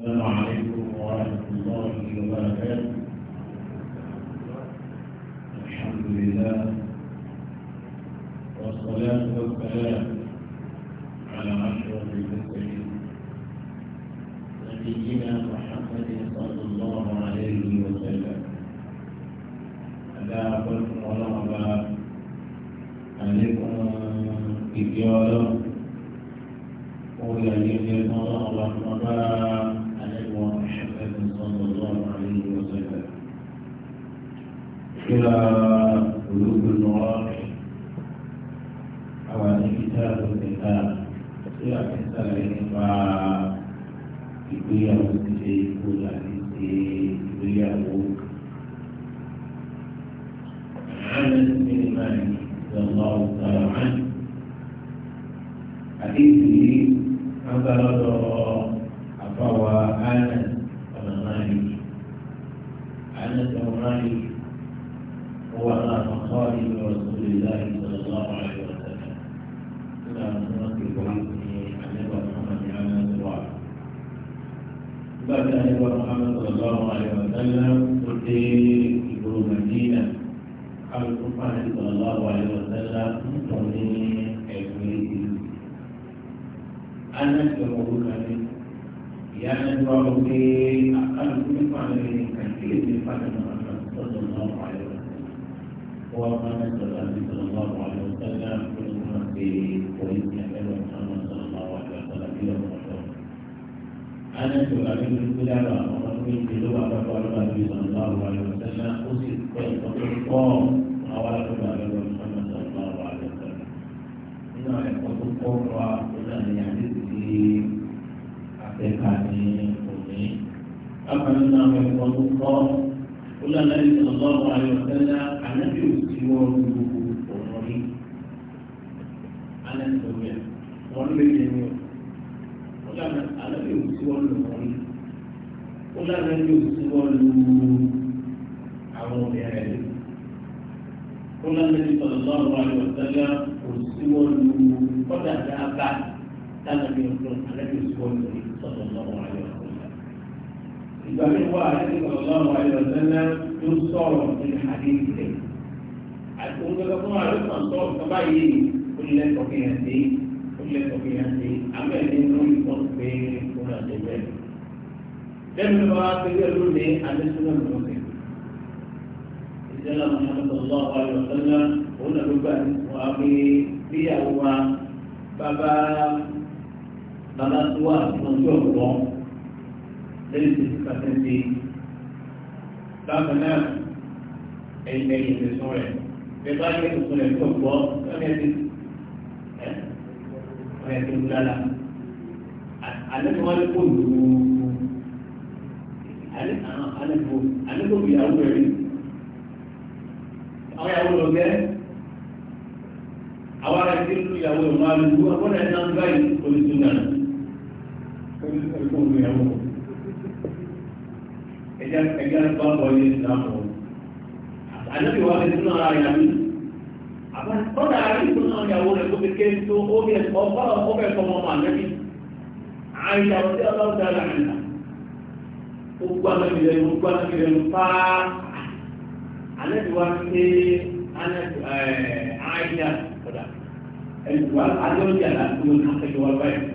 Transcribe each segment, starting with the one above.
السلام عليكم ورحمة الله وبركاته الحمد لله والصلاة والسلام على أشرف المرسلين نبينا محمد صلى الله عليه وسلم قلت الله ولغبا عليكم إبيارا قول أن يكون الله إلى قلوب المراقب أواني كتاب الكتاب إلى كتاب الإنفاق ìgbéyàwó ti ṣe ikú láti ṣe ìgbéyàwó. Anas bin Malik sallallahu alaihi wa sallam. Àdéhùn yìí, الله عليه وسلم تلقي ابن المدينة قال سبحانه صلى الله عليه وسلم تغني إبنيه أنا كمولوك يعني الله في أقل من فعله كثير من فعل محمد صلى الله عليه وسلم هو قال صلى الله عليه وسلم ما في قريب يعمل محمد صلى الله عليه وسلم في يوم القيامة أنا كمولوك pé ìlú àgbàdo àgbà bíi sọ̀rọ̀ àwọn àlejò sẹ́yìn ó sì pẹ́ ìtọ́jú pọ̀ àwọn àlejò àlejò sọ̀rọ̀ sọ̀rọ̀ àwọn àlejò sẹ́yìn. nínú ẹ̀kọ́ tó kọ́ wa ó náà ní àdéhùn sí àtẹ́ka wọ́n gbogbo ọ̀rọ̀ rí. alẹ́ lára ní òsì wọn lu àwọn obìnrin rẹ̀ ó lára ní sọ̀rọ̀ lọ́rùn àlọ́ ìtọ́jà òsì wọn lu kọ́dà dáadáa lára ní òsì wọn alẹ́ òsì wọn lu sọ̀rọ̀ lọ́rùn àlọ́ ìtọ́jà. ìgbà mi wá àti sọ̀rọ̀ lọ́rùn àlọ́ ìtọ́jà ló sọ̀rọ̀ nínú àdéhùn rẹ̀ àti òun gbẹgbẹ fún àlọ́ ìtọ́jà sọ̀rọ̀ kọ́bá yìí ó lẹ́kọ̀ọ́ fi hàn sí ó lẹ́kọ̀ọ́ fi hàn sí àmọ́ ẹ̀ lẹ́nu ló wá pé pẹ̀lú ní alẹ́sílẹ̀ lọ́sẹ̀. ìṣẹ̀lẹ̀ Muhammad sallallahu alaihi wasallam òun náà ló gbà ní wà pé bíyàwó wa bàbá bàbá tó wà lọ́jọ́ ọ̀gbọ́n lẹ́yìn tó ti kàtẹ́ sí bákan náà ẹ̀yìn ẹ̀yìn ìṣẹ̀sùn rẹ̀ bẹ́ẹ̀ bá yẹ ìṣẹ̀sùn rẹ̀ tó gbọ́ lọ́nà ẹ̀sìn ẹ̀ ọ̀yẹ̀ ń dára àlẹ́ tó wá ní kó lù ú àlẹ́kọ̀ọ́ àlẹ́kọ̀ọ́ ìyàwó rẹ̀ rí àwọn ìyàwó lọ gẹ́ àwọn ará ìdí nínú ìyàwó rẹ̀ máa lu agbọ́dọ̀ ẹ̀ náà báyìí oníṣu náà oníṣu ìyàwó ẹ̀já ẹ̀já bá bọ̀ ní ìsìlámù àlẹ́bí wa fi sínú ara ìyàwó àbọ̀dọ̀ àrí ìsúná ìyàwó rẹ̀ tó kékeré tó ó bẹ̀ ọ̀pọ̀ ọ̀pọ̀ ẹ̀kọ́ ọmọ àlẹ́bí àìyàwó tí ọlọ́dà làmìlà gbogbo anabi lẹ gbogbo anabi lẹ nu paa anabi wa ké anabi ẹẹ ayida kọda ẹnuwa adéwòye alágbó n'akẹjọ wa báyìí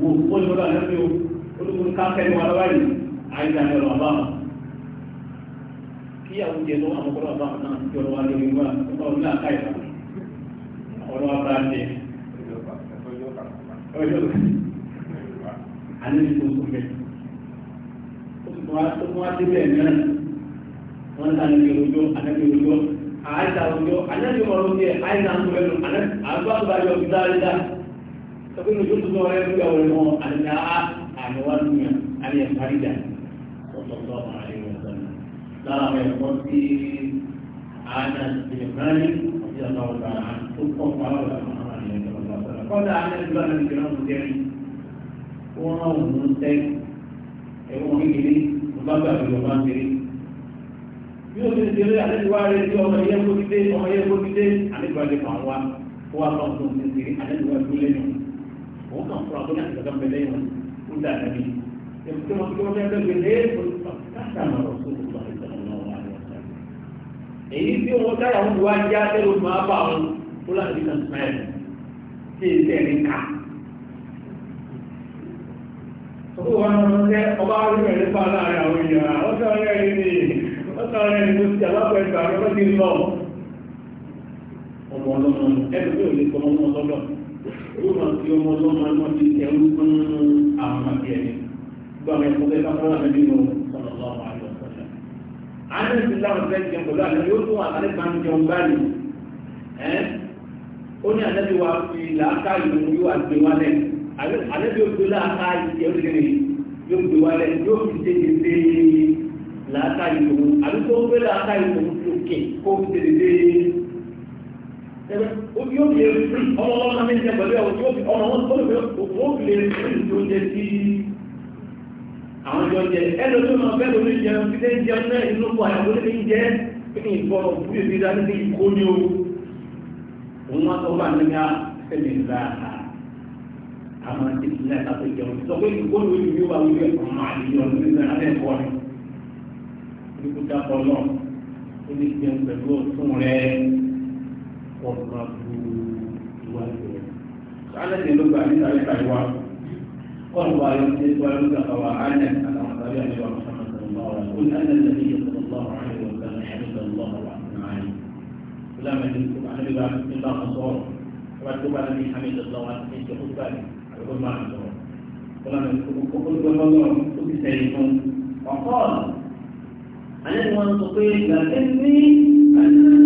wo wóni wóni anabi o olùkóni k'akẹjọ wa báyìí ayida yẹ lọ abá kí àwọn jẹ lọ àwọn kọlọ abá náà jọ lọ wa lórí wa nípa wọn náà ká ìfà ọlọ abá jẹ ọjọ àná ìfọ wọ́n ti bẹ̀ náà wọ́n ta níbi òjò ànábi òjò àìsà òjò ànábi ọ̀rọ̀ tiẹ̀ àìsà ń bẹ̀rù àgbà tó bá yọ bí dáadáa sọ́kùn ní ojú tó sọ ọ̀rẹ́ fúyà wọlé wọn àti àmì wá nìyà àmì ẹ̀fárí dà ọ̀tọ̀ọ̀tọ̀ àárín wọn sọ́nà lára àwọn ẹ̀kọ́ tí àánà ìdìbòránì àti àtàwọ̀tà tó pọ̀ fún àwọn àwọn àmì ẹ̀fọ́nà kọ́dà àánà ìdìbòránì ìdìbòránì jẹ́rìí wọ́n bá gbàgbé lọ máa ń tẹ̀lé bí ó ti ń tẹ̀lé àlejòwá rẹ̀ tí ọmọ yẹ kó dídé ọmọ yẹ kó dídé àlejòwá rẹ̀ kàn wá kó wá bá ọdún ti ń tẹ̀lé àlejòwá tó lẹ́nu òun kàn fún abúlé àti ìgbàgbọ́ bẹ̀lẹ́ yẹn ó dà nàbí èkúté wọn tó fẹ́ fẹ́ gbélé èyí tí wọn táyà wọn wá já tẹ́lẹ̀ máa bá wọn kó láti fi kàn sùn náà yẹn tí èyí tẹ̀lé ká Ọdún wọn jẹ́ ọba arúgbẹ̀ nípa láàrin àwọn èèyàn, ọjọ́ ọ̀rẹ́ ni, ọjọ́ ọ̀rẹ́ ẹni tó ti alápẹ̀ ìgbà rẹ̀ ti lọ. Ọmọ ọlọ́mọ ẹni tó lè kọ́ ọmọ ọlọ́lọ́. Yóò máa fi ọmọ ọlọ́mọ ẹni wọ́n ti ẹrú fún àwọn àbí ẹni. Gbọ́ àwọn ẹ̀kọ́ fẹ́ káfọ́ láti nínú ọ̀nà ọlọ́mọ àlọ́ sọ́jà. Àánú ti láwọn fẹ́ jẹun pẹ̀lú àná yóò tún àtàlẹ́ kan jẹun báyìí. Ó ní àtẹ́bí wa fi làákàyè òun yóò àgbéwálẹ̀ àlẹ́bí òdo láàká ìjẹ́ òdìrí yóò gbé wálẹ̀ yóò fi tètè dé láàká ìlòwò àbí tó ń gbé láàká ìlòwò tó kè kó fi tètè dé. Obi yóò fi èrè fún ọmọ ọlọ́mọ mi jẹ pẹ̀lú ẹ̀wọ̀n yóò fi ọmọ wọn tó lè fi ó fi èrè fún ìjọjẹ sí àwọn ìjọjẹ. Ẹ̀dọ̀ tó máa bẹ́ẹ̀ lórí jẹun fi lé jẹun náà inú kọ àyàwó lé ní jẹ́ pé nǹkan ọ̀gbìn ìdílé dání ní ìkóni o. Òun wá sọ fún àníyá ẹ̀mí ìlà àwọn àti ìpínlẹ̀ àti ìjọba sọ pé ìgbóni ojú yóò wá wíwẹ̀ fún àwọn àlejò ọdún nígbà alẹ́ ẹ̀kọ́ ni olùkú dákọ̀ náà ó ní jẹun pẹ̀lú ọ̀tún rẹ ọ̀gá bu ìwà ìwẹ̀. sálẹ̀ ní ló gbà nígbà mẹ́ta ìwà kọ́ọ̀nù wa yóò ṣe wá ló gbà wá ánẹ̀ àtàwọn sábẹ́ àti ìwà mọ̀sánmọ́ sọ̀rọ̀ wá ó ní ánẹ̀ lẹ́yìn ìyẹn sọ̀rọ̀ lọ́wọ́ àrẹ ó máa sọ ọlọ́run olùkọ́ ọlọ́run ó ti sẹ́yìn fún ọ̀pọ̀ àlẹ́ ni wọ́n sọ pé gbàgbé ní àná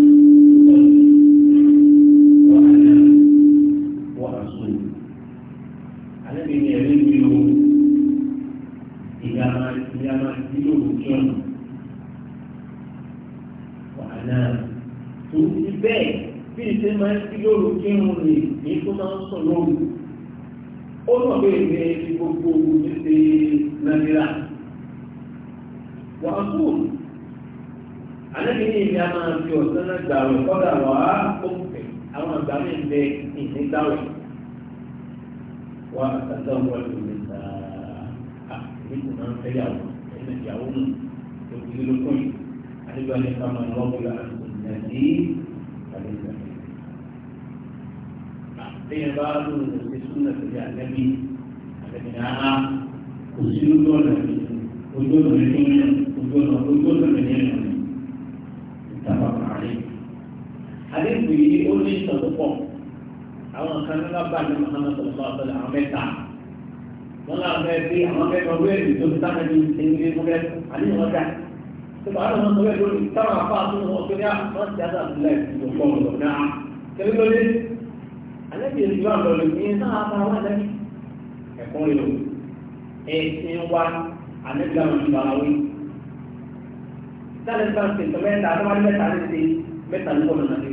gbàwé kọ́dà wà á òkè àwọn àgbà mi ń bẹ ìdígbàwé wà àtàtà wọn ló lè ta àbí kò máa ń fẹ́ yàwó ẹ̀sìn ìyàwó nù òbí ló kún yìí àdìgbà ní ká máa lọ́wọ́ la àtúnyàdí àdìgbà mi. àtẹ̀yìn bá lóun lè ṣe súnà sílẹ̀ àtẹ̀mí àtẹ̀mí náà kò sí lójú ọ̀nà mi ojú ọ̀nà mi ojú ọ̀nà ojú ọ̀nà mi àdéhùn yìí ó ní ìtàn tó pọ̀ àwọn kan ní wọn bá ní Muhammad sọlá sọlá àwọn mẹ́ta wọn náà fẹ́ bí àwọn mẹ́ta wíwẹ̀ tó ti sáré ní ìdílé mọ́tẹ́ àdéhùn wọn dà tọ́ba àwọn ọmọ mẹ́ta lórí táwọn afá tó wọn tó ní àwọn ti dáadáa tó láì tó pọ̀ lọ náà kẹ́lẹ́ lórí alẹ́ bí èsì wà lọ́lọ́ ní ẹ̀ náà bá wà lẹ́yìn ẹ̀kọ́ yìí ẹ̀sìn wa alẹ́ bí àwọn ìgbà wí. sáré sáà ṣètò mẹ́ta àtọ́wádé mẹ́ta ní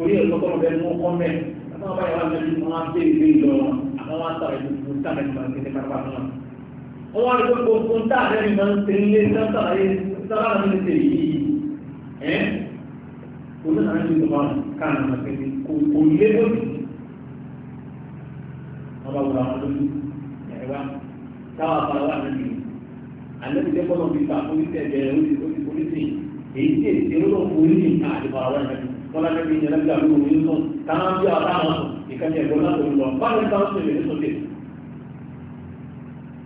torí ẹ̀ lọ́kọ́ ọ̀bẹ mú kọ́mẹ̀ àtàwọn báyìí wà lẹ́nu wọn á bẹ̀rẹ̀ ìwé ìlọ wọn àwọn wọn àtàwọn ìdòkú táwọn ìgbà kéde kápá náà. wọ́n wá lóko gbogbo ń táà lẹ́nu máa ń ṣe ilé sábàáyé sábàáyé ń ṣe yìí ẹ́ olú náà ń ṣe ìjọba káàmù àgbẹ̀dẹ kò lé lóbi. wọ́n bá wúra wọn lójú ẹ̀wá táwọn afárá wà lójú àlẹ́bìtẹ́ kọ́nà fi ta oníṣẹ́ ẹ̀jẹ̀ oníṣẹ́ èyí tí èsì olóòfò oníṣẹ́ wọn lábẹ́ bí ìjẹ́lẹ́ bí àbúrò yìí sùn táwọn bí ọ̀tá wọn sùn ìkẹ́ni ẹ̀gbọ́n náà tó ń lọ báyìí táwọn sùn lè ní sókè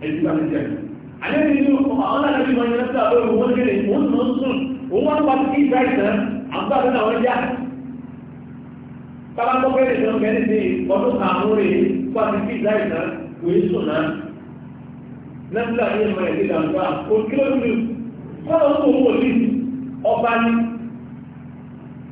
ẹ̀jú bá ti jẹ́ alẹ́ ní inú àwọn lábẹ́ bí wọn ìjẹ́lẹ́ bí àbúrò wọn kéde wọn sùn sùn òun wọn wá sí ìgbà ìtàn àbúrò àti àwọn ẹja tábà tó kẹ́lẹ̀ tó kẹ́lẹ̀ sí ọdún àmúre wá sí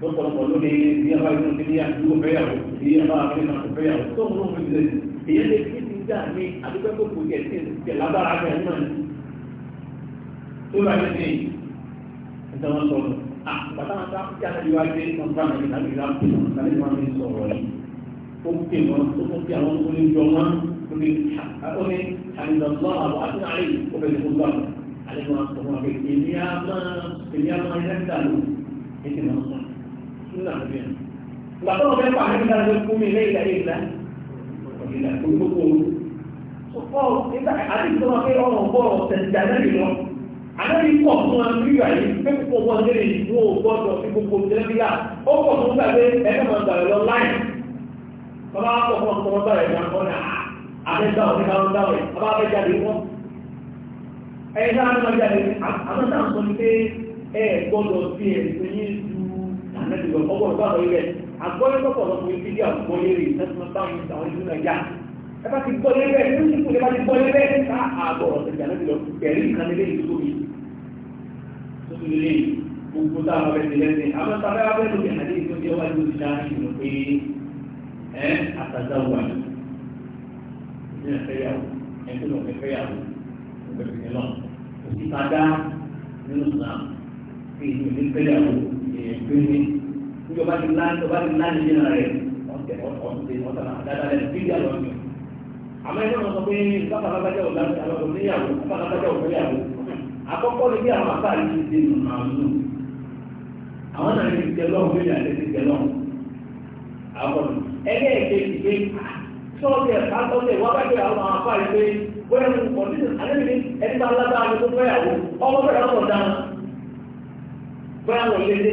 tó pọ̀lọpọ̀ lóde ní ẹ̀fà ìlú ti ní àdúgbò fẹ́yàwó ní ẹ̀fà àfihàn kò fẹ́yàwó tó ń rún mi lè èyí lè fi ti dá ní àdúgbò tó kù jẹ sí ìṣẹ̀ lábára ni. tó bá yẹ sí ẹ̀sẹ̀ wọn sọ̀rọ̀ bàtà wọn sáà kí àtàlẹ́ wá dé wọn bá mi láti rà pé wọn kálí wọn mi sọ̀rọ̀ yìí ó pè wọn tó tó pè àwọn oníjọ wọn ó bẹ̀rẹ̀ fún bá nínú àwọn ìbí yẹn. ìgbà tó wọn fẹ́ pa àmì ìdára ló fún mi lẹ́yìn ìdára ìlà ìlà olùkókò ooru. sọ̀kọ́ nígbà àti ìtọ́wọ́ pé ọ̀rọ̀ bọ̀ tẹ̀síjà lẹ́yìn lọ. àlẹ́bí pọ̀ fún wa ní ìwà yìí pé púpọ̀ wọn lè mú o gbọ́dọ̀ sí gbogbo tẹ́lẹ́bíyà ó pọ̀ fún gbàgbé ẹgbẹ́ wọn gbàgbé lọ láì. bàbá pọ̀ fún ọkọ̀ wọn bàrẹ̀ ìdáná wọn dáwẹ̀ ní àtẹ́tì lọ ọgbọ́n ọgbà lọ ilẹ̀ àgbọ́lé lọ́pọ̀lọpọ̀ ibi díẹ̀ àgbọ́lé rè sẹ́tìmọ́ báwọn ìgbà àwọn ìlú nàìjà ẹ bá ti gbọ́lé bẹ́ẹ̀ ní oṣù kùnlé bá ti gbọ́lé bẹ́ẹ̀ ká àbọ̀ ọ̀sẹ̀ àtẹ́tì lọ bẹ̀rí nǹkan ilé ìlú tóbi tó ti lè gbogbo tá a máa bẹ̀rẹ̀ lẹ́sìn àwọn sábẹ́ abẹ́ lóbi àdé tó ti wájú ti dá ìlú pé ẹ àtàzà wà ní ẹ̀fẹ́yàwó ẹ̀fẹ́yàwó ẹ̀fẹ́yàwó ẹ̀fẹ́yàwó òsì èèyàn gbé ní níbi ọba ti lá ọba ti lá níbi náà rẹ̀ wọ́n tẹ̀ wọ́n tẹ̀ wọ́n tẹ̀ dáadáa rẹ̀ bí ìyá lọ́nà àmọ́ ẹgbẹ́ wọn sọ pé bàbá alágbájá ò láti àwọn oníyàwó bàbá alágbájá ò fẹ́yàwó àkọ́kọ́ ni bí àwọn àbá yìí ti nù àánú àwọn náà ti tẹ lọ́wọ́ bí ìyá ti tẹ lọ́wọ́ àwọn ẹgbẹ́ ìkejì pé sọ́ọ̀tì ẹ̀ka sọ́ọ̀tì ẹ̀wọ́ abájọ́ àwọn àbá yìí pé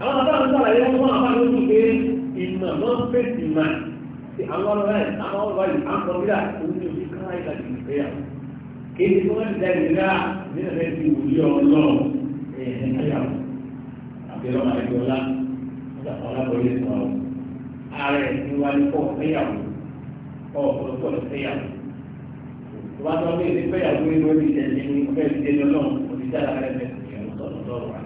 àwọn àbáwọn sàlàyé wọn àbá ló tún pé ìmọ̀ wọn fèsì mà sí àwọn ọ̀rọ̀ ẹ̀ àwọn ọ̀rọ̀ yìí àwọn ọ̀rọ̀ yìí òun ni òbí kára ìlà ti ń fẹ́ yà kéde tí wọ́n ti dá ìlera nínú ẹ̀ ti wù yọ ọlọ́run ẹ̀ ẹ̀ náyà àbí ọlọ́run àti ọlá ọlábọ̀lẹ̀ sọ̀rọ̀ ààrẹ ni wà ní kọ́ fẹ́yàwó ọ̀pọ̀lọpọ̀ fẹ́yàwó tó bá tọ́ bí ìfẹ́yàwó inú ẹ̀ ti tẹ̀lé ní ọ̀fẹ́ ìdílé náà òbí dára rẹ̀ bẹ̀rẹ̀ sọ̀rọ̀ sọ̀rọ̀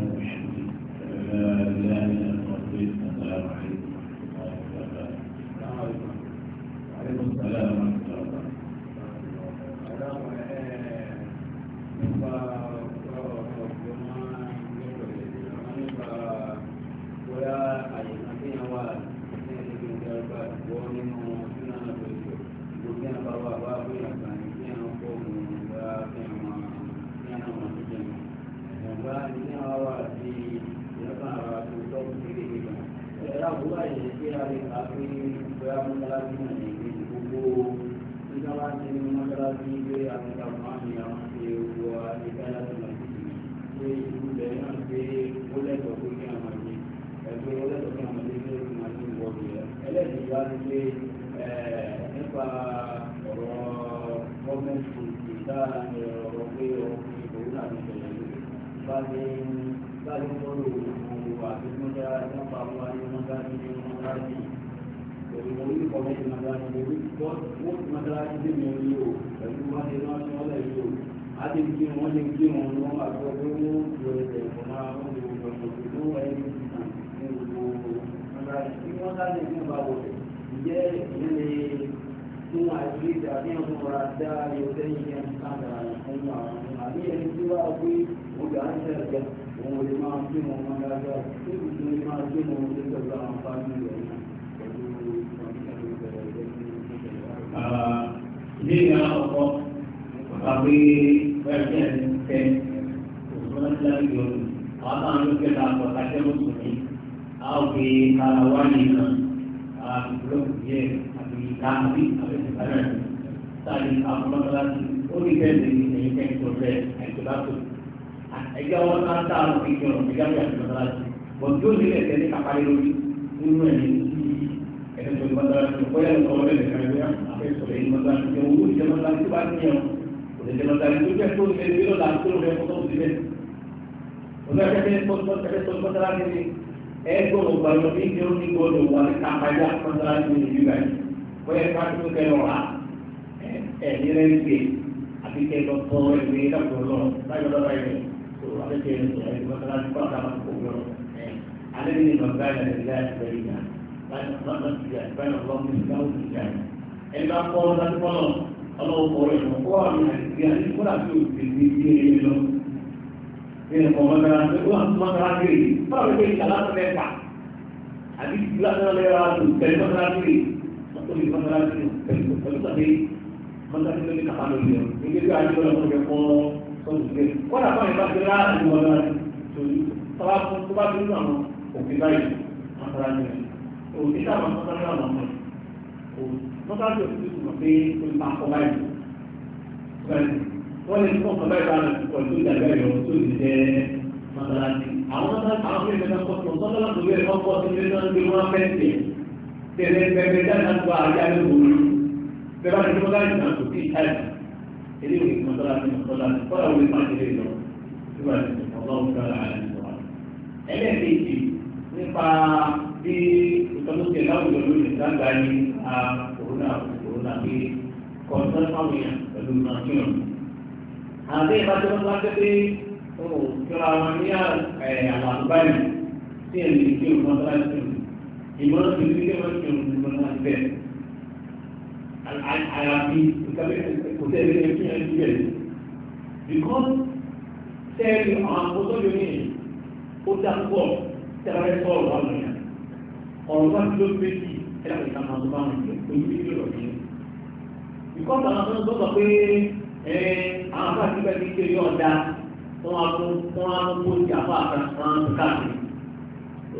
àti kí wọn lè kí wọn ní wọn àti ọdún ní ìlú ẹsẹ̀ ìfọ̀n máa ń lò lọ́wọ́ ìlú ẹni ní gbogbo ọ̀nà tí wọ́n dá lè fún ìbáwọ̀ ìjẹ́ ìyẹn lè ثم أجريت أبيهم ردا يديه أمر الأمة أبيه سوى أبي وجعلت لك ولما أقيمه من لا يقيم لما أقيمه تلك الأمر قانون Ini adalah pokok tapi bagian ten usulan lagi dulu. Apa anda kita katakan musuh ini? Aku di Karawani, aku belum dia láàbí abẹ́sẹ̀kálẹ̀ sáré afọlọ́gbọ́láṣí ó ní bẹ́ẹ̀ lè ní ẹ̀yìn tẹ́ tó rẹ̀ àìsọ̀láṣọ. ẹgbẹ́ wọn náà ń dáhùn kí jọ ẹgbẹ́ wọn yàtọ̀ lọ́láṣí bọ̀n tí ó ní ẹ̀sẹ̀ ní kápálẹ́ lórí nínú ẹ̀mí ẹ̀sẹ̀ tó lọ́láṣí bóyá ìtọ́wọ́ bẹ́ẹ̀ nìkan ẹgbẹ́ afẹ́sọ̀rọ̀ yìí lọ́láṣí jẹ́ owó ìjẹ́mọ́láṣí bá ní ẹ̀wọ̀n kò lè jẹ́mọ́láṣí tó jẹ́ tó lè gbé lọ́la tó rẹ̀ kọ́tọ́ sí bẹ́ẹ̀. ọ̀gá ẹgbẹ́ tó lọ́láṣí ẹgbẹ́ tó lọ́láṣí bóyá ká tó kẹ lọ rà ẹ̀mí rẹ̀ ń gbé àbí kẹ lọ tọ́ ẹ̀mí dàpọ̀ lọ báyọ̀ lọ báyọ̀ lọ tó alẹ́ kẹ ẹ̀mí mọ́tàlá ti kọ́ àtàwọn kò lọ alẹ́ ní ìgbàgbá ìlànà ìlà ìgbẹ́ ìgbà báyọ̀ lọ́ mú ìgbà òkú ìjà ẹ̀mí bá kọ́ ọ́ láti kọ́ lọ ọlọ́wọ́ kọ́ rẹ̀ mọ́ kó àmì àti àti kó dàbí òkè ní ìdílé lọ nínú kọ̀mọ́tàlá tó wà mọ́tàlá kiri báwo ló ń ṣe àlàáfẹ́ mẹ́ta àbí ìdílé كل مثلا كالمستحيل مثلا كل اللي تحمل اليوم يجي في عدد ولا مرة يقول صوت كبير ولا كان يبقى في العالم ولا طبعا طبعا في النظام وكذلك مثلا وكتابة مثلا لا مهمة ومثلا في الفلوس في كل محكومات wọ́n lè fún ọkọ̀ báyìí báyìí pẹ̀lú ìdàgbẹ́rẹ̀ ọ̀hún tó ti jẹ́ mọ́tàlá ní. àwọn mọ́tàlá àwọn ilé ìgbésẹ̀ kọ́sọ̀ sọ́dọ̀ láti wíwẹ̀ kọ́kọ́ sí ilé náà ń gbé wọn fẹ́ẹ́ tiẹ̀. tẹ̀lé pẹ̀lẹ́ dáná gba àyà ló wò ó bẹ́ẹ̀ bá ní kí wọ́n láyé náà kò tíì táyì èdè òní kí wọ́n tọ́lá sí wọn tọ́lá sí kọ́lá òní máa tẹ̀lé lọ tí wọ́n ti ọlọ́run tọ́lá àyà ló wà. ẹlẹ́ẹ̀kejì nípa bí ìtọ́lókè láwùjọ lórí ìdágbà ní a kòrónà kòrónà pé kọ̀ọ̀tàn fáwọn èèyàn pẹ̀lú nàìjíríà. àti ìbájọ́ wọn bá jẹ́ pé ó kíra wọn ní àwọn àlùbáyé tí èmi ìdí òní wọn tọ́lá sí ìmọ̀ràn tó ní kẹ́wọ́n ti ọ̀rùn lọ náà bẹ́ẹ̀. Àyàfi kò tẹ́ ẹgbẹ́ ẹgbẹ́ ẹgbẹ́ ẹgbẹ́ ẹgbẹ́ because sẹ́ẹ̀lì àwọn akótó yóò ní ó dá pọ̀ tẹ́lẹ̀ sọ̀rọ̀ wà lóyún ọ̀rọ̀ wá ló méjì ẹ̀rọ ìtàmà tó bá wọn jẹ ojú ìlú lọ sí. Because àwọn akótó tó sọ pé àwọn afáàtì bẹ́ẹ̀ ti ṣe yọ̀ ọ̀dà wọn á mú wọn á mú kó ti àfáàfà wọn á mú káàkiri.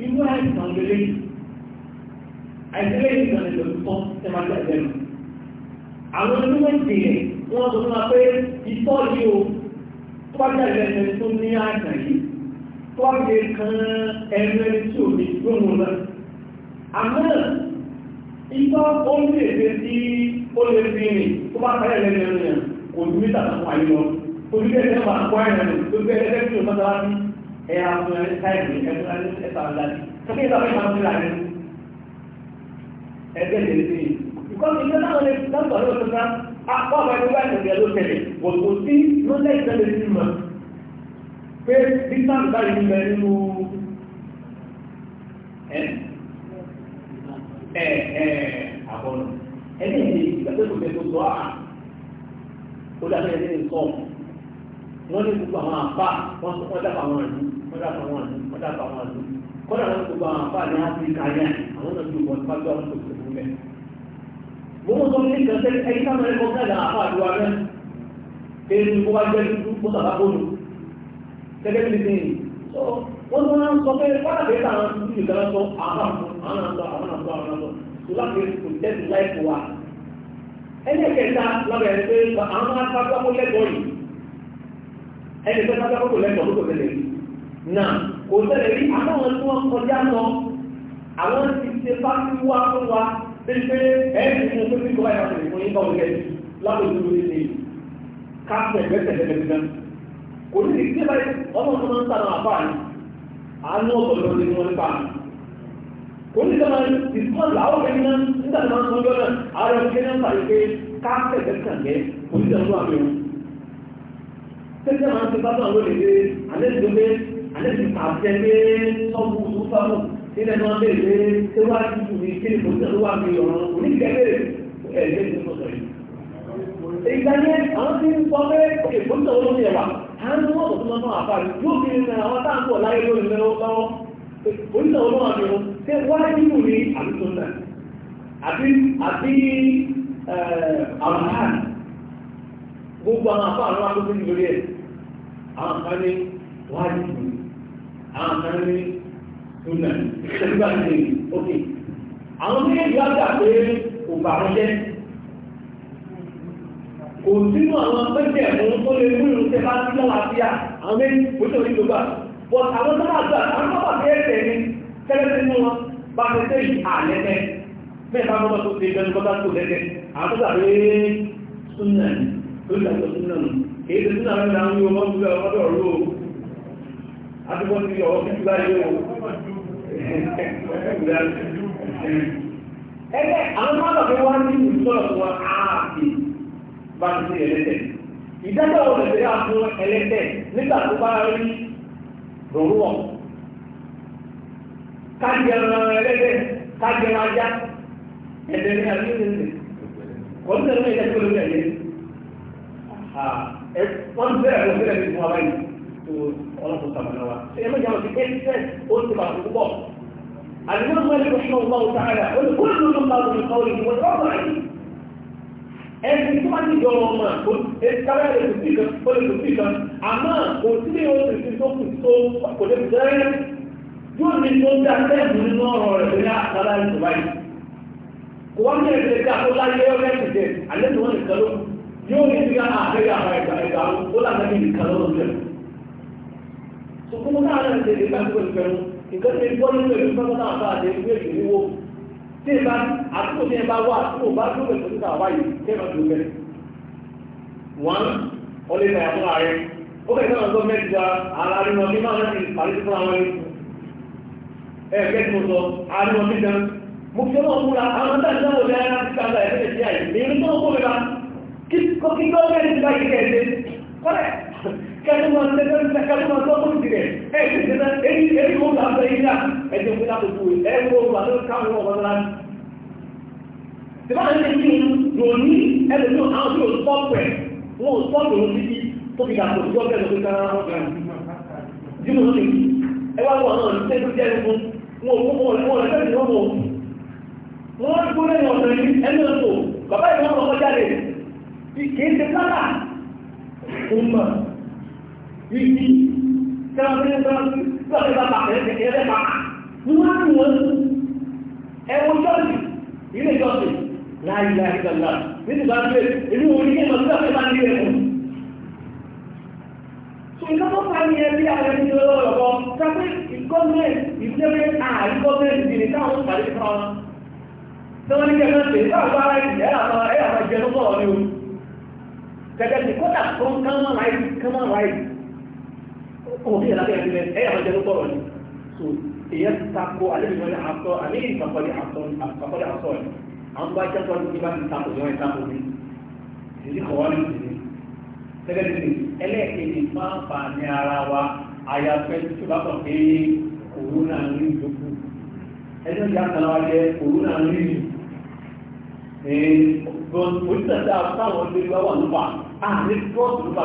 inú àìsàn lélẹ́ àìsílẹ̀ ìsàn lè lòtọ́ tẹ́mátẹ́ ẹ̀dẹ́nu àwọn onímọ̀ ìdílé wọ́n sọ fún wa pé ìtọ́ yìí o tọ́jà ìlẹ́sẹ̀ tó ní àìsàn yìí tọ́jà kan ẹnu ẹni tí ò ní gbóhùn náà àmọ́ ìtọ́ ó ń tètè sí ó lè fi rìn tó bá káyọ̀ lẹ́nu ẹ̀rọ yẹn kò ní mítà tó wáyé lọ torí ẹ̀sẹ̀ máa kọ́ ẹ̀yà àwọn ẹ̀rí táìmì ẹ̀dúrà ní ẹ̀ta ọ̀làdì tókè ìtàwé máa ń gbéra rẹ̀ ẹgbẹ́ ìdílé sí ìkọ́ni ìjọ náà lè dáńtọ̀ ah, ló tó ká apá ọ̀gá ìjọba ìtẹ̀lẹ̀ ló tẹ̀lẹ̀ òkò sí ló lẹ́ ìtẹ̀lẹ̀ sí mọ̀ pé bí sáà yìí bẹ nínú ẹ̀ ẹ̀ ẹ̀ àbọ̀nù ẹni ìdí ìgbàgbẹ́sọ̀gbẹ́ tó tọ́ à ah, ó dàbí ẹni ní sọ́ọ̀mù wọ́n ní gbogbo àwọn àpá wọ́n sọ́kọ́ dábàá wọn rẹ̀ kọ́dà àwọn àlú kọ́dà àwọn àlú kọ́dà àwọn gbogbo àwọn afá ní áfíríkà yẹn àwọn náà ju wọn bá gbọ́ àwọn tòkòtò fún bẹ́ẹ̀. mo mú sọ ní ìgbésẹ̀ ẹyí sábà ẹ̀kọ́ gàdà afá àdúrà rẹ̀ kéwì kó bá jẹ́ dúdú kó sàbá bóòlù gẹ́gẹ́ bí ti sọ wọ́n tún náà sọ pé kọ́dà bẹ́ẹ̀ táwọn dúdú nìkan sọ àwọn àwọn àtọ àwọn àtọ àwọn àtọ tó láti kò tẹ́sí láì fò wa. ẹni kẹta lábẹ́ ẹni pé àwọn afá náà kò ṣẹlẹ̀ rí àwọn tí wọ́n kọjá lọ àwọn ti ṣe fásitì wá fún wa bí pé ẹ̀ẹ́dì fún pé kíkọ́ ẹ̀rọ tẹ̀lé fún yín bọ́ọ̀lù kẹ́lí lábòjú lórí ní káàpù ẹ̀gbẹ́ tẹ̀lé tẹ̀lé tẹ̀lé kò ní ti ṣe báyìí ọmọ tó máa ń tàn àbá yìí àánú ọ̀tọ̀ lọ sí wọn nípa kò ní sọ́mọ́ ìsọ́ọ̀lù àwọn ọ̀gá iná nígbà tó máa ń sọ́jọ́ náà àwọn ọ̀gá iná pàdé pé káàpù ẹ̀gbẹ́ tẹ̀lé kò ní sọ́mọ́ àbẹ̀wò tẹ́tẹ́ máa ń ti àlẹ́bí pàṣẹ pé sọ́ọ̀bù sùfàmù nílẹ̀ náà lè tó wá ti ní kí nìkan tó wà ní ọ̀ràn oníkẹ́lẹ́ ẹ̀ẹ́dẹ́ tó yìí. ìgbà àwọn tí àwọn táà ń bọ̀ láyé àwọn gbogbo ní wáyé àwọn kan ní túnà nígbà tí ókè àwọn méjèèjì wá gbà pé kò bà wọn jẹ́ kò sínú àwọn pẹ́jẹ̀ fún tó lè mú ìrùn tẹ bá sí lọ́wọ́ àti à àwọn méjì kò tó ní gbogbo but àwọn tó máa gbà àwọn tó bàbá ẹ̀sẹ̀ ní kẹ́lẹ́sẹ̀ mú wọn bá tẹ́ yìí àlẹ́fẹ́ mẹ́ta mọ́ adúgbò ní ọ̀rọ̀ títí báyìí o ẹgbẹ́ àwọn máa bẹ̀rẹ̀ wá ní ìsọ̀rọ̀ wa ààbì bá ti ṣe ẹlẹ́tẹ̀ ìdájọ́ àwọn ọ̀rẹ́ yà fún ẹlẹ́tẹ̀ nígbà tó bá rí rọrùn ọ̀ kájí ẹran ẹlẹ́tẹ̀ kájí ẹran ajá ẹ̀dẹ̀ ní àdúgbò kọ̀ọ̀tún ẹ̀rọ ẹ̀dẹ̀ tó lórí ẹ̀yẹ wọ́n bẹ̀rẹ̀ lọ́sẹ̀rẹ̀ ní fún wa báyìí ọlọ́run sàmàlà wa ṣe ẹgbẹ́ jàmọ̀ sí ẹgbẹ́ ó ti bàbá púpọ̀ àdúgbò tó ẹgbẹ́ ṣọ́ ọgbà ọ̀tá ara ó ní kúrò lóun bá wọn kọ́ orí wọn lọ́wọ́ àyè ẹni tó bá ti jọ wọn mọ̀ kó kábẹ́ rẹ̀ kò sí kan ó lè kò sí kan àmọ́ kò sí ní o sì fi tó kù tó kò lè fẹ́ yóò ní tó dá sẹ́ẹ̀bù nínú ọ̀rọ̀ rẹ̀ bí àtàlà ìjọba yìí kò wá ní ẹ̀sẹ̀ ká ó láyé ọ̀rẹ́ ìjẹ́ àlẹ́ tó wọn nìkan ló tòkúmọ́ náà náà ṣe lè gbàgbé pẹ̀lú pẹ̀lú nǹkan tó ń bọ́ nínú ìlú náà bá àdé ìwé ìlú wò tí ìbá àtúntò tí ẹ bá wà tó bá tó bẹ̀rẹ̀ pẹ̀lú àwọn àyè tí tó bẹ̀rẹ̀. wọn ọlẹ́ ìgbà fún ààrẹ ó bẹ̀rẹ̀ náà lọ mẹ́ta ara bí máa láti parí fún àwọn ẹni. ẹ bẹ́ẹ̀ tí mo sọ ara rí wọn bí gan. mo fi ọmọ múra àwọn tá ìdáwó ní ara ti ká kẹ́lẹ́mọ̀ tẹ́lẹ́mọ̀ kẹ́lẹ́mọ̀ tọ́tún ìdìrẹ̀ ẹ̀ẹ́dì ohun àti ìyá ẹ̀jẹ̀ òfin àtòkù ẹ̀ẹ́gbọ́ ohun àti káwọn ọmọ náà tìbá ẹ̀jẹ̀ ní lòní ẹ̀lẹ́nu àwọn tí ó sọ́pẹ̀ wọn ò sọ́pẹ̀ ohun títí tó fi dàpọ̀ ìjọ bẹ́ẹ̀ lọ́pẹ́ kára wọn gbà jùlọ ní ẹwà wọn náà ní tẹ́lú jẹ́ fún wọn ò kókó wọn lẹ́fẹ́ sí wọn wọn kó lẹ́yìn ọ̀sẹ̀ ní ẹnu ọ̀sọ̀ bàbá ìwọ̀n ọkọ̀ jáde kì í ṣe pátá ó mọ̀ ìdí tẹ́lẹ̀tẹ́lẹ́ tọ́lẹ̀ bá bàtẹ̀ ẹ̀kẹ́ ẹ̀rẹ́ bá ní wọ́n ní wọ́n ẹwọ́n jọ́sì ilé jọ́sì láìláì gbàgbà nínú bá gbé èmi ò ní ẹ̀mọ̀ nígbà tó bá ní ẹ̀mọ̀ ṣùgbọ́n tó fà ní ẹbí àwọn ẹni tó lọ́wọ́ lọ́wọ́ sápé ìgọ́mẹ̀ntì ìdílé ààrí gọ́mẹ̀ntì ìdílé táwọn pàdé fún wọn tọ́wọ́n ní kẹfẹ́ ṣe báwo bá ráì ẹ̀ àmọ́ ẹ̀ àmọ́ jẹ́ lọ́wọ́ ni o kẹ̀kẹ́ ṣe kọ́tà fún kámọ́ ráì kámọ́ ráì ọmọ bí ìyàlá bẹ́ẹ̀ bẹ́ẹ̀ ẹ̀yà máa jẹ́ ló tọ̀rọ̀ ni so èyàn tako alẹ́bìnrin ní asọ àmìlì ìfàkọ́lé asọ ìfàkọ́lé asọ ni àwọn tó bá jẹ́ sọ́ọ́ ní bá ti tako yọ ẹ̀ tako ni ìdí kọ̀wá ní ìdí gẹ́gẹ́ bí ẹlẹ́ẹ̀kejì máa ń fa ní ara wa àyàfẹ́ tó bá kàn pé kòrónà ń rí ìdókù ẹjọ́ ìyá kan wá jẹ́ kòrónà ń rí ìdókù onítàdá táwọn olórí wa wà nípa àti tó tó bá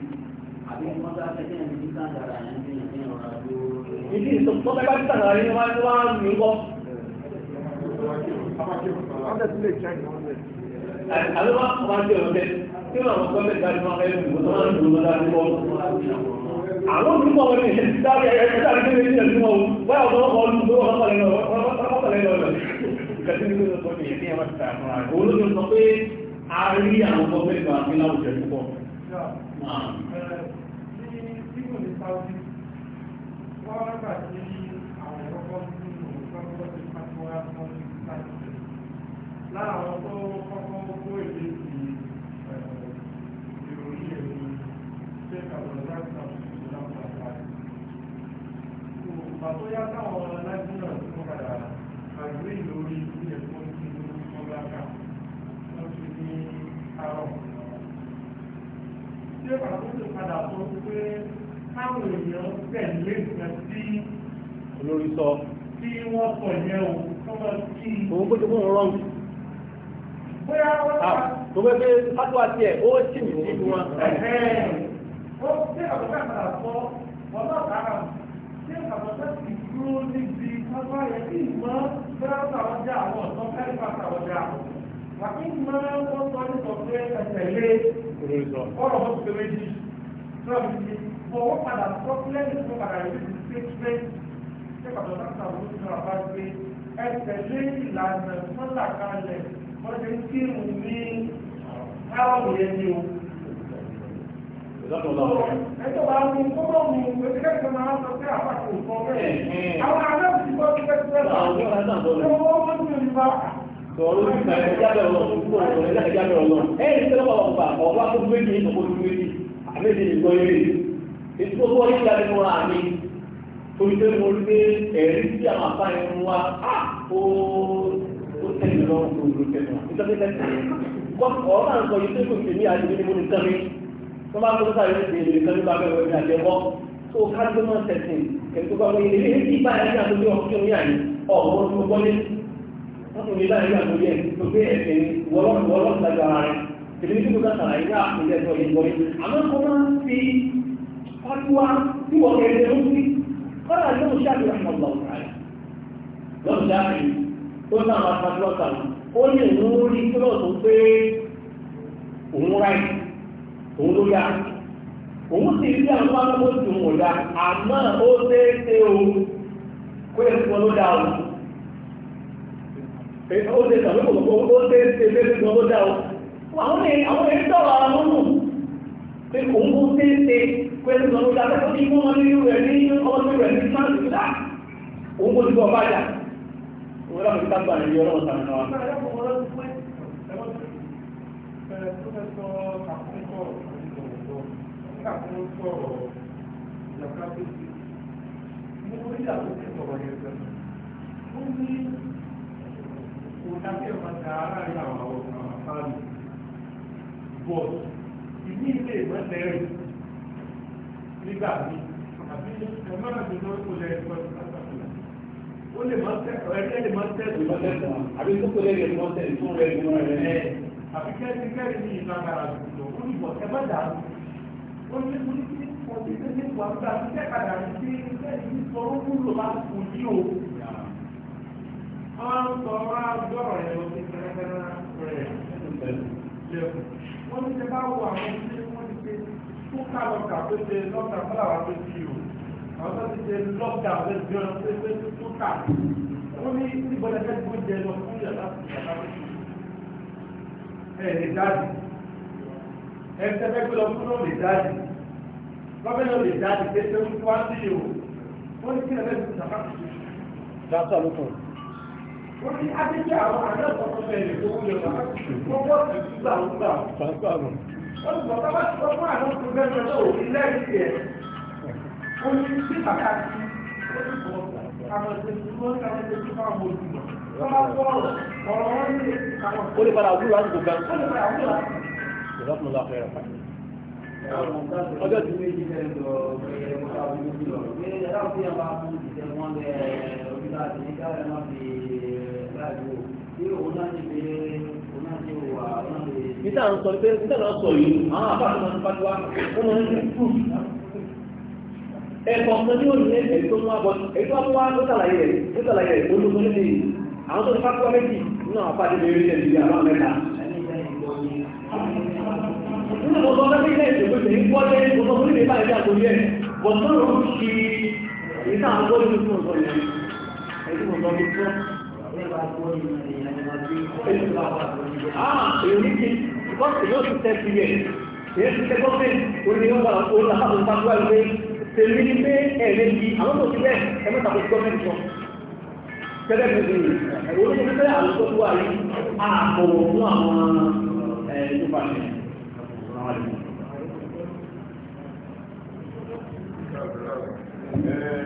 ìdí ìsọ̀tọ́ bá títà náà wá ní wá ní kọ́. Àlọ́ máa kọ́ máa jẹ́ ọ̀dẹ́ tí wọ́n àwọn ọ̀gbọ́n mẹ́ta wọ́n fẹ́ lù wọ́n máa ń lù wọ́n Àwọn olùkọ́ wọn ní ìdárí ẹ̀ẹ́dá ní ilé ìjẹ́ ìjọba wọn, wọ́n yà wọ́n kọ́ lù wọ́n kọ́ lẹ́nu wọ́n ní ẹ̀yẹ́ wá ti kọ́ wọ́n wá gbà sí àwọn ẹ̀rọ sí nínú ìgbàgbọ́ sí pátíwá kọ́ sí sáàtì láàárọ̀ tó kọ́kọ́ kó èdè wọ́n ti ní àárọ̀ tí ó pàtó padà tó pé káwọn èèyàn tẹ̀lé nǹkan tí olórí sọ tí wọ́n sọ yẹn o kọ́mọ kí. òun kó tó kó ń rọrùn. bóyá wọ́n bá. Ah, tó bẹ́ẹ̀ pé fatuwa tiẹ̀ ó sì mí sí fún wa. ó ṣe àbúrò àgbàlá sọ wọn náà kára ṣé àbúrò ti dúró níbi fatuwa yẹn kí ìmọ̀ bẹ́ẹ̀ táwọn já àwọn ọ̀sán kárí bá táwọn já. wàkí ìmọ̀ wọn sọ ní sọ pé ẹ̀tẹ̀lé ọ̀rọ̀ wọn ti fẹ́ méjì bọ̀ wọ́n padà pọ́pílẹ́mì tó padà yìí ti ṣe pé ṣé pàtó dókítà ló ń sọ̀rọ̀ bá gbé ẹsẹ̀ lé ìlànà mọ́là kalẹ̀ wọ́n ti ń kírun ní káwọn yẹn ni o. Ẹjọ́ bá mú kókó mú ẹgbẹ́ kan máa sọ pé àpapọ̀ nǹkan bẹ́ẹ̀. Àwọn aláàbò ti bọ́ sí pẹ́ẹ́sì rẹ̀. Àwọn ọmọ tó ń bá tọ̀rọ̀ ní ìgbà ẹ̀ka jábẹ̀ ọlọ́run fún ọ̀rọ̀ ẹ̀ka jábẹ̀ ọlọ́run ẹ̀yìn tí wọ́n bá wà ọ̀pá ọ̀pá tó gbé ní ìtọ́kọ́ tó gbé ní àmì ìdílé gbọ́ ilé yìí ètò owó ìgbà nínú wa mi torí pé mo rí pé ẹ̀rí sí àwọn àpá ẹnu wa ah, ó ó tẹ̀lé lọ́wọ́ tó ló tẹ̀lé wọn nítorí tẹ̀lé kọ́kọ́ máa ń sọ yìí pé kò sí ní àdébí ní mo ní sẹ́mi tó bá tó sáré ní ìdílé kan nípa bẹ́ẹ̀ wọ́n ní àjẹmọ́ tó ká tó máa tẹ̀sìn kẹ̀tọ́ bá wọ́n ilé ní ìgbà ẹ̀rí àtúndì ọ̀hún ní àyè ọ̀hún tó gbọ́lé wọ́n tún ní láàrin àtúndì ẹ̀ tó gbé فتوى هو غير المسلم قال الإمام الشافعي رحمه الله تعالى lọ́dún dáàbì tó náà wà pàtàkì ó ní òun rí kílọ̀tù pé òun ráì òun ló yá òun sì rí àwọn aláwọ̀ tó wò dá àmọ́ ó déédé o kó yẹ kó ló dá o ó déédé tàbí kò kó ó déédé déédé kó ló o àwọn èèyàn àwọn èèyàn tọrọ àwọn nù pé pẹ̀lú ìdọ̀rọ̀ ìdàgbẹ́ tó ní wọ́n ní rẹ̀ ní ọmọdé rẹ̀ ní sáà ìgbà òun kò dìbò ọbájà òun láti ká gbà níbi ọlọ́run tàbí náà. Bọ́ọ̀lù, ìdí ilé ìwé tẹ́rẹ̀ nígbà mí àbí ẹ má bàtí lọ kó lẹ ẹgbẹ́ ó lè máa tẹ ẹgbẹ́ lè máa tẹ ẹgbẹ́ lọ lẹ́nu àbí tó kó lẹ lè máa tẹ ìtún rẹ nínú rẹ ẹ àbí kẹ́rin kẹ́rin ní ìlànà àdúgbò ó ní bọ̀ ẹ má dà ó ní kó ní kí wọ́n ti tẹ́ ní wàá gbà ní kẹ́kàdà ní kí kẹ́rin sọ ó kúrò bá kù yí o. wọ́n sọ wá gbọ́rọ̀ ẹ̀ lọ sí kẹ́rẹ́kẹ́rẹ́ rẹ̀ lẹ́kùn wọ́n ti tẹ́ bá wọ àwọn ilé wọ́n ti tẹ́ kúkà lọ́kà tó ṣe lọ́kà fúláwà tó ti yò àwọn tó ti ṣe lọ́kà tó ti yọ pé pé kúkà wọ́n ní ìbọ̀lẹ̀ fẹ́ kó jẹ lọ fún yàrá yàrá tó ṣe. ẹ lè dáàbì ẹ ń tẹ́fẹ́ pé lọ fún lọ lè dáàbì lọ́fẹ́ lọ lè dáàbì pé pé wọ́n wá sí yò wọ́n ní kí lọ́fẹ́ tó ṣàfà tó ṣe. dáàbì àlùkò. wọ́n ní adé jẹ́ àwọn àdéhùn ọ̀sán wọ́n ti bọ̀tọ́ bá ti sọ fún àwọn tó bẹ́ẹ̀ lọ́dọ̀ òfin lẹ́yìn tiẹ̀ ó ní sí bàtà sí ó lè padà wúlò láti gbogbo ìjọba fún un ọjọ́ tí méjì fẹ́ lọ ẹ̀rọ ìmọ̀ta ọdún sí lọ pé ẹ̀rọ tí a bá fún ìṣẹ́ wọn lẹ orílẹ̀-èdè ní káyọ̀ náà fi láàbò tí òun náà ti fi níta ń sọ pé níta náà sọ yìí àwọn àbáwọn máa ń pàdé wọn máa ń rí kú ẹ̀kọ́ kan ní òní ẹ̀sẹ̀ tó ń wá bọ́ èyí tó tó tàlàyé rẹ̀ tó tàlàyé rẹ̀ olùkọ́ níbi àwọn tó ń fàkọ́ méjì nínú àwọn àpàdé lè rí ẹ̀sẹ̀ àwọn mẹ́ta. nínú ọ̀sán náà bí ẹ̀sẹ̀ tó ṣe ń ọ̀sán tó níbi Tèmi ní pé ẹ̀rẹ́ di àwọn tó ti bẹ́ ẹgbẹ́ tàbí gọ́ọ̀mẹ́ntì wọn. Tẹ́lẹ̀ tó ti rí, ẹ̀wọ́n ní pé àwọn tó wà ní àkọ̀wọ̀ fún àwọn ẹ̀ẹ́dúfà ní àwọn àdìmọ̀.